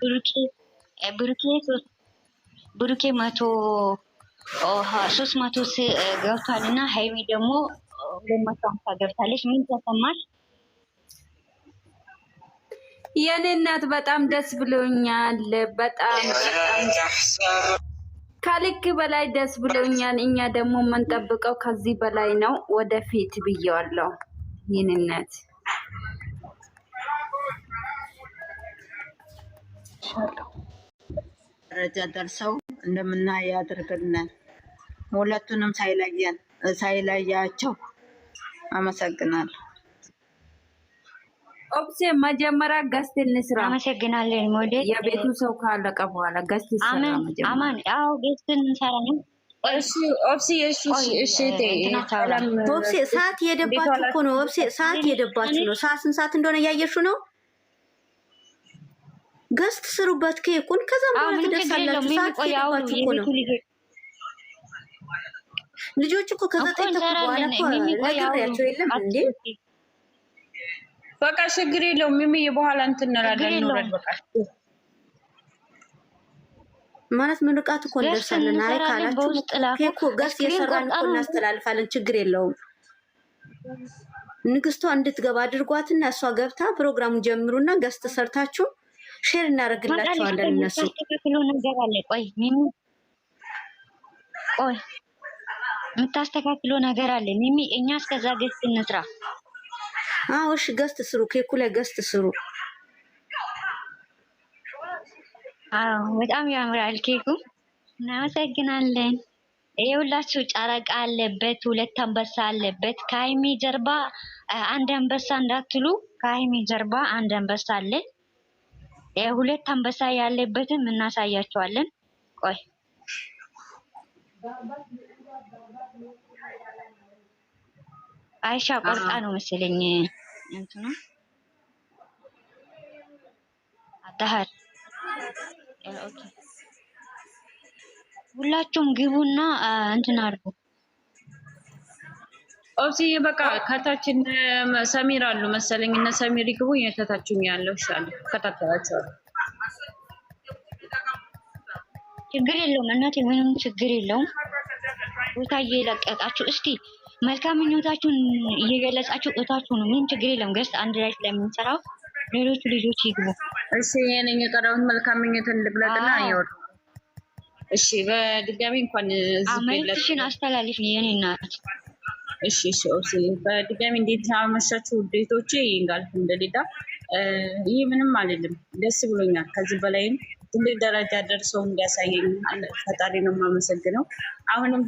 ብሩኬ መቶ ሶስት መቶ ገብቷል እና ሀይሚ ደግሞ ሀምሳ ገብታለች። ምን ተሰማሽ? የኔ እናት በጣም ደስ ብሎኛል። በጣም ከልክ በላይ ደስ ብሎኛል። እኛ ደግሞ የምንጠብቀው ከዚህ በላይ ነው ወደፊት ብዬዋለሁ ይህንነት ጨርሻለሁ። ደረጃ ደርሰው እንደምናየው ያድርግልን። ሁለቱንም ሳይለየን ሳይለያቸው አመሰግናለሁ። መጀመሪያ ገስት እንስራ። አመሰግናለን። የቤቱ ሰው ካለቀ በኋላ ገስት ይሰራ። ሰዓት የደባችሁ እኮ ነው ሰዓት የደባችሁ ነው። ሰዓት ስንት ሰዓት እንደሆነ እያየሹ ነው ገዝት ስሩበት ኬኩን። ከዛም በኋላ ትደርሳላችሁ። ሰዓት ሄድባችሁ እኮ ነው ልጆች እኮ ከዘጠኝ ተኩል በኋላ ነግሬያቸው የለም እንዴ? በቃ ችግር የለውም። የሚዬ በኋላ እንትን እንላለን። በቃ ማለት ምርቃት እኮ እንደርሳለን። አይ ካላችሁ ኬኩ ገስ የሰራን እኮ እናስተላልፋለን። ችግር የለውም። ንግስቷ እንድትገባ አድርጓትና እሷ ገብታ ፕሮግራሙ ጀምሩና ገስ ተሰርታችሁ ሼር እናደርግላቸዋለን። እነሱ ቆይ የምታስተካክሎ ነገር አለ ሚሚ። እኛ እስከዛ ገስት እንስራ። አዎ እሺ፣ ገስት ስሩ። ኬኩ ላይ ገስት ስሩ። አዎ በጣም ያምራል ኬኩ። እናመሰግናለን። የሁላችሁ ጨረቃ አለበት፣ ሁለት አንበሳ አለበት። ከሀይሚ ጀርባ አንድ አንበሳ እንዳትሉ፣ ከሀይሚ ጀርባ አንድ አንበሳ አለ። ሁለት አንበሳ ያለበትም እናሳያቸዋለን። ቆይ አይሻ ቆርጣ ነው መሰለኝ እንትኑ አታሃር ኦኬ። ሁላችሁም ግቡና እንትን አድርጉ። ኦብስዬ በቃ ከታች ሰሚር አሉ መሰለኝ። እነ ሰሚር ይግቡ እየተታችሁኝ ያለው ይሻለ እከታተላቸዋለሁ። ችግር የለውም እናቴ፣ ምንም ችግር የለውም። ቦታ እየለቀቃችሁ እስቲ መልካም ምኞታችሁን እየገለጻችሁ እታችሁ ነው። ምንም ችግር የለም። ገስት አንድ ላይ ስለምንሰራው ሌሎቹ ልጆች ይግቡ። እሺ የኔ የቀረውን መልካም ምኞትን ልግለጥና ይወር። እሺ በድጋሚ እንኳን ዝግለጥ መልክሽን አስተላልፍ የኔ እናት እሺ እሺ ኦሲ በድጋሚ እንዴት አመሻችሁ ውዴቶቼ። ይንጋል እንደሌላ ይህ ምንም አልልም፣ ደስ ብሎኛል። ከዚህ በላይም ትልቅ ደረጃ ደርሰው እንዲያሳየኝ ፈጣሪ ነው የማመሰግነው። አሁንም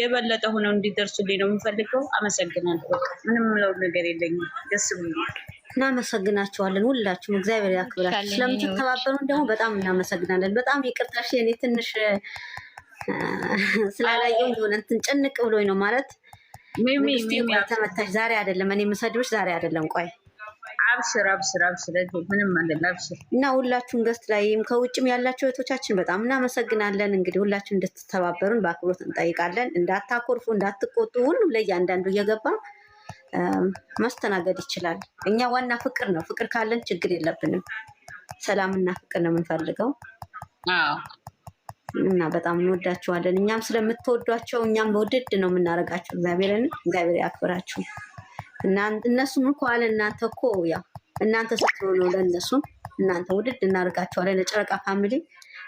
የበለጠ ሆነው እንዲደርሱልኝ ነው የምፈልገው። አመሰግናለሁ። ምንም ምለው ነገር የለኝም። ደስ ብሎኛል። እናመሰግናቸዋለን ሁላችሁም፣ እግዚአብሔር ያክብራችሁ። ስለምትተባበሩን ደግሞ በጣም እናመሰግናለን። በጣም ይቅርታሽ የኔ ትንሽ ስላላየው የሆነ እንትን ጭንቅ ብሎኝ ነው ማለት ተመታሽ። ዛሬ አይደለም እኔ የምሰድብሽ ዛሬ አይደለም። ቆይ አብሽር አብሽር አብሽር፣ ምንም አይደለም አብሽር። እና ሁላችሁን ገስት ላይም ከውጭም ያላቸው እህቶቻችን በጣም እናመሰግናለን። እንግዲህ ሁላችሁ እንድትተባበሩን በአክብሮት እንጠይቃለን። እንዳታኮርፉ፣ እንዳትቆጡ። ሁሉም ለእያንዳንዱ እየገባ መስተናገድ ይችላል። እኛ ዋና ፍቅር ነው። ፍቅር ካለን ችግር የለብንም። ሰላምና ፍቅር ነው የምንፈልገው። እና በጣም እንወዳችኋለን። እኛም ስለምትወዷቸው እኛም በውድድ ነው የምናደርጋቸው። እግዚአብሔርን እግዚአብሔር ያክብራችሁ። እነሱም እንኳ አለ እናንተ እኮ ያው እናንተ ስትሆኑ ለእነሱም እናንተ ውድድ እናደርጋቸዋለን። ለጨረቃ ፋሚሊ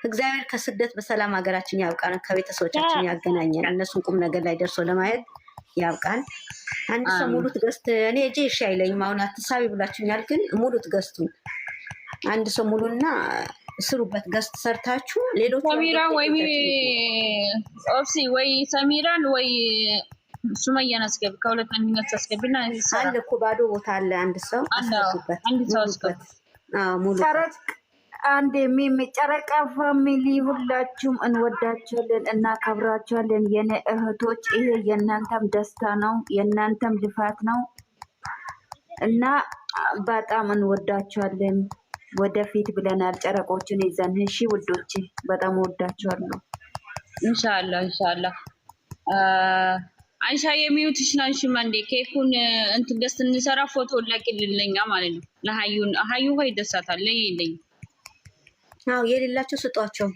እግዚአብሔር ከስደት በሰላም ሀገራችን ያብቃን፣ ከቤተሰቦቻችን ያገናኘን፣ እነሱን ቁም ነገር ላይ ደርሶ ለማየት ያብቃን። አንድ ሰው ሙሉት ገዝት እኔ እጄ እሺ አይለኝም። አሁን አትሳቢ ብላችሁኛል፣ ግን ሙሉት ገዝቱን አንድ ሰው ሙሉና ስሩበት ገዝት ሰርታችሁ ሌሎች ሰሚራ ወይ ኦፕሲ ወይ ሰሚራን ወይ ሱመያን አስገቢ። ከሁለት አንድነት አስገቢና አለ እኮ ባዶ ቦታ አለ። አንድ ሰው አስገቡበት፣ አንድ ሰው አስገቡ ሙሉ አንድ የሚሚ ጨረቃ ፋሚሊ ሁላችሁም እንወዳቸዋለን፣ እናከብራቸዋለን። የኔ እህቶች ይሄ የእናንተም ደስታ ነው፣ የእናንተም ልፋት ነው እና በጣም እንወዳቸዋለን። ወደፊት ብለናል። ጨረቆችን ይዘን እሺ ውዶች በጣም ወዳችኋለሁ። እንሻላ እንሻላ አንሻ የሚዩትሽ ናንሽማ እንዴ ኬኩን እንትን ደስ እንሰራ ፎቶ ላኪልን ማለት ነው። ለሀዩን ሀዩ ሆይ ደሳታል ለኝ የለኝ አው የሌላቸው ስጧቸው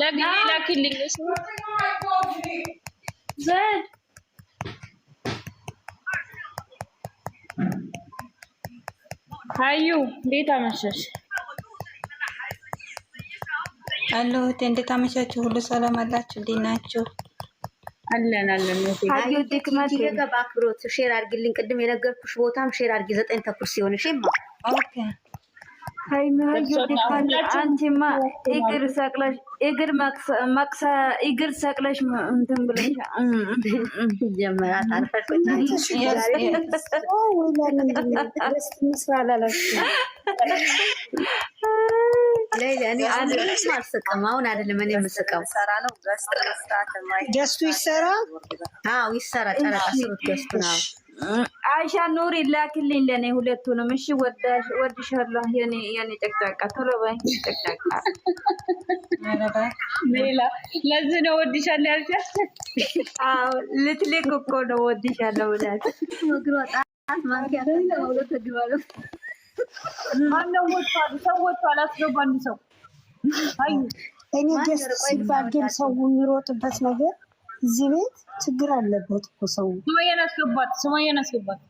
ለጊዜ ላኪልኝ አዩ እንዴት አመሸሽ? አለሁ እህቴ። እንዴት አመሻችሁ? ሁሉ ሰላም አላችሁ? እንዴት ናችሁ? አለን አለን። አዩ ድክመት በአክብሮት ሼር አድርጊልኝ። ቅድም የነገርኩሽ ቦታም ሼር አድርጊ። ዘጠኝ ተኩል ሲሆን እሺ። ኦኬ አንቺማ እግር ሰቅለሽ እግር መቅሰ እግር ሰቅለሽ እንትን ብለሽ አልስቅም። አሁን አይደለም እኔ የምስቀው ገዝቱ ይሰራ። አዎ ይሰራ። ጨረቃ ስሩት ገዝቱ ነው አይሻ ኑሪ ላክልኝ ለኔ ሁለቱንም። እሺ ወድሻለሁ የኔ የኔ ጨቅጫቃ ቶሎ በይ ጨቅጫቃ። ሌላ ለዚህ ነው ወድሻለሁ ያልሻት? አዎ ልትልክ እኮ ነው ወድሻለሁ ብላት ሰው እዚህ ቤት ችግር አለበት እኮ ሰው። ስማዬን አስገባት፣ ስማዬን አስገባት